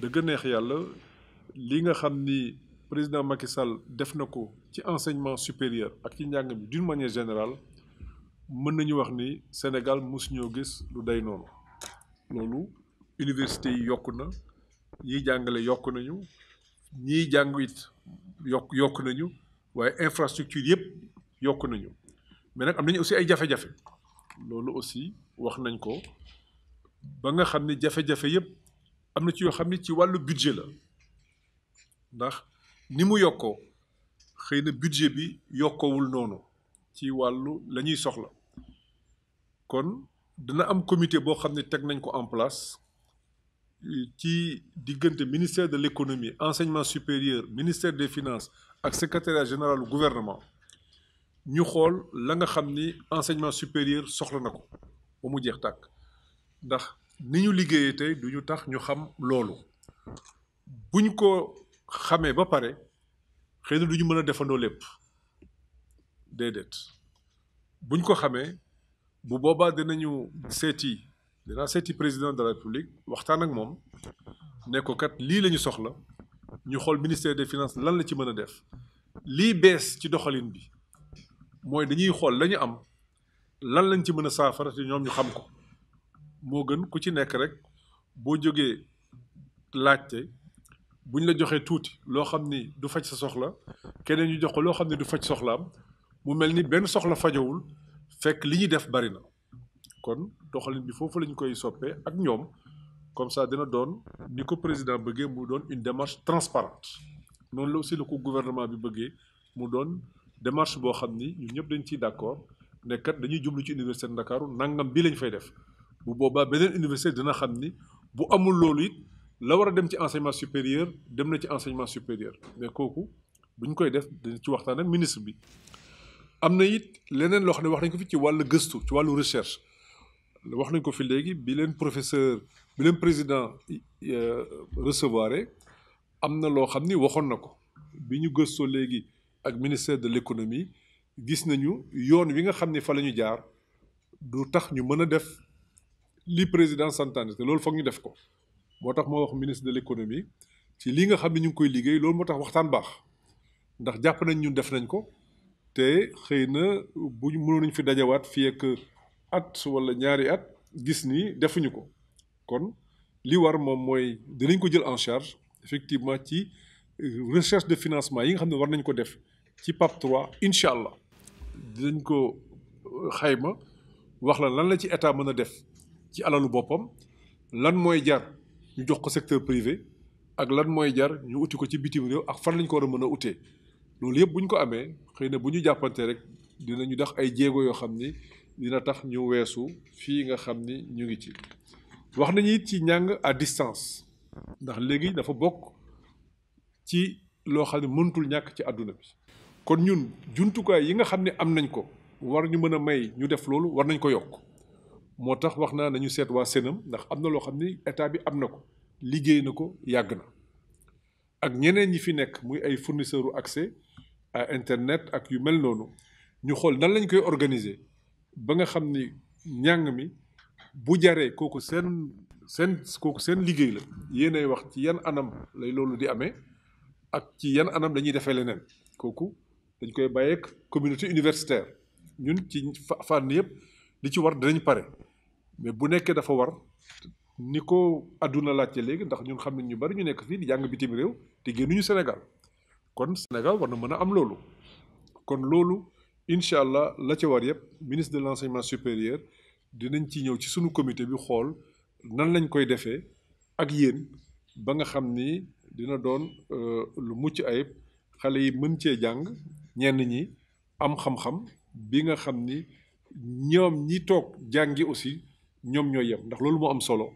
dëgg neex yàlla li nga xam ni président Macky Sall def na ko ci enseignement supérieur ak ci njàng bi d'une manière générale mën nañu wax ni Sénégal mosu ñoo gis lu day noonu loolu université yi yokku na ñiy jàngale yokk nañu ñiy jàng it yokk yokk nañu waaye infrastructure yëpp yokk nañu mais nag am nañu aussi ay jafe-jafe loolu aussi wax nañ ko ba nga xam ni jafe-jafe yëpp am na ci yoo xam ne ci wàllu budget la ndax ni mu yokkoo xëy na budget bi yokkoowul noonu ci wàllu la ñuy soxla kon dana am comité boo xam ne teg nañ ko en place ci diggante ministère de l'économie enseignement supérieur ministère des finances ak secrétariat général du gouvernement ñu xool la nga xam ni enseignement supérieur soxla na ko ba mu jeex tàkk ndax ni ñu liggéeyee tey du ñu tax ñu xam loolu buñ ko xamee ba pare xëy na du ñu mën a defandoo lépp déedéet buñ ko xamee bu boobaa dinañu seeti dinaa seeti président de la république waxtaan ak moom ne kat lii la soxla ñu xool ministère des finance lan la ci mën a def lii bees ci doxalin bi mooy dañuy xool lañu am lan lañ ci mën a saafara te ñoom ñu xam ko. moo gën ku ci nekk rek boo jógee laajte buñ la joxee tuuti loo xam ni du faj sa soxla keneen ñu jox ko loo xam ni du faj soxlaam mu mel ni benn soxla fajowul fekk li ñuy def bari na kon doxalin bi foofu lañu koy soppee ak ñoom comme ça dina doon ni ko président bëggee mu doon une démarche transparente noonu la aussi la ko gouvernement bi bëggee mu doon démarche boo xam ni ñun ñëpp dañ ciy d'accord ne kat dañuy jublu ci université de Ndakaaru nangam bii lañ fay def bu boobaa beneen université dina xam ni bu amul loolu it la war a dem ci enseignement supérieur dem na ci enseignement supérieur mais kooku bu ñu koy def dañ ci waxtaan ak ministre bi. am na it leneen loo xam ne wax nañ ko fi ci wàllu gëstu ci wàllu recherche wax nañ ko fi léegi bi leen professeur bi leen président euh, recevoir am na loo xam ni waxoon na ko bi ñu gëstoo léegi ak ministère de l'économie gis nañu yoon wi nga xam ni fa la ñu jaar du tax ñu mën a def. li président santaane te loolu foog ñu def ko moo tax moo wax ministre de l'économie ci li nga xam ne ñu ngi koy liggéey loolu moo tax waxtaan baax ndax jàpp nañ ñun def nañ ko te xëy na bu ñu mënoon nañ fi dajawaat fii ak at wala ñaari at gis ni defuñu ko kon li war moom mooy dinañ ko jël en charge effectivement ci euh, recherche de financement yi nga xam ne war nañ ko def ci PAP 3 incha allah dinañ ko euh, xayma wax la lan la ci état mën a def. ci alalu boppam lan mooy jar ñu jox ko secteur privé ak lan mooy jar ñu uti ko ci bitim réew ak fan lañ ko war a mën a utee loolu yëpp bu ñu ko amee xëy na bu ñu jàppante rek dinañu dax ay jéego yoo xam ni dina tax ñu weesu fii nga xam ni ñu ngi ci wax nañu it ci njàng à distance ndax léegi dafa bokk ci loo xam ne mëntul ñàkk ci àdduna bi kon ñun jumtukaay yi nga xam ne am nañ ko war ñu mën a may ñu def loolu war nañ ko yokk moo tax wax naa nañu seet waa seenam ndax am na loo xam ni état bi am na ko liggéey na ko yàgg na ak ñeneen ñi fi nekk muy ay fournisseur u accès à internet ak yu mel noonu ñu xool nan lañ koy organiser ba nga xam ni njàng mi bu jaree kooku seen seen kooku seen liggéey la yéenay wax ci yan anam lay loolu di amee ak ci yan anam la defee leneen kooku dañ koy bàyyeek communauté universitaire ñun ci fànn yëpp li ci war dinañ pare mais bu nekkee dafa war ni ko àdduna laajte léegi ndax ñun xam ne ñu bari ñu nekk fii di jàng bitim réew te ñu Sénégal kon Sénégal war na mën a am loolu kon loolu incha allah la ca war yëpp ministre de l'enseignement supérieur dinañ ci ñëw ci sunu comité bi xool nan lañ koy defee ak yéen ba nga xam ni dina doon euh, lu mucc ayib xale yi mën cee jàng ñenn ñi am xam-xam bi nga xam ni ñoom ñi toog jàngi aussi ñoom ñooy yem ndax loolu moo am solo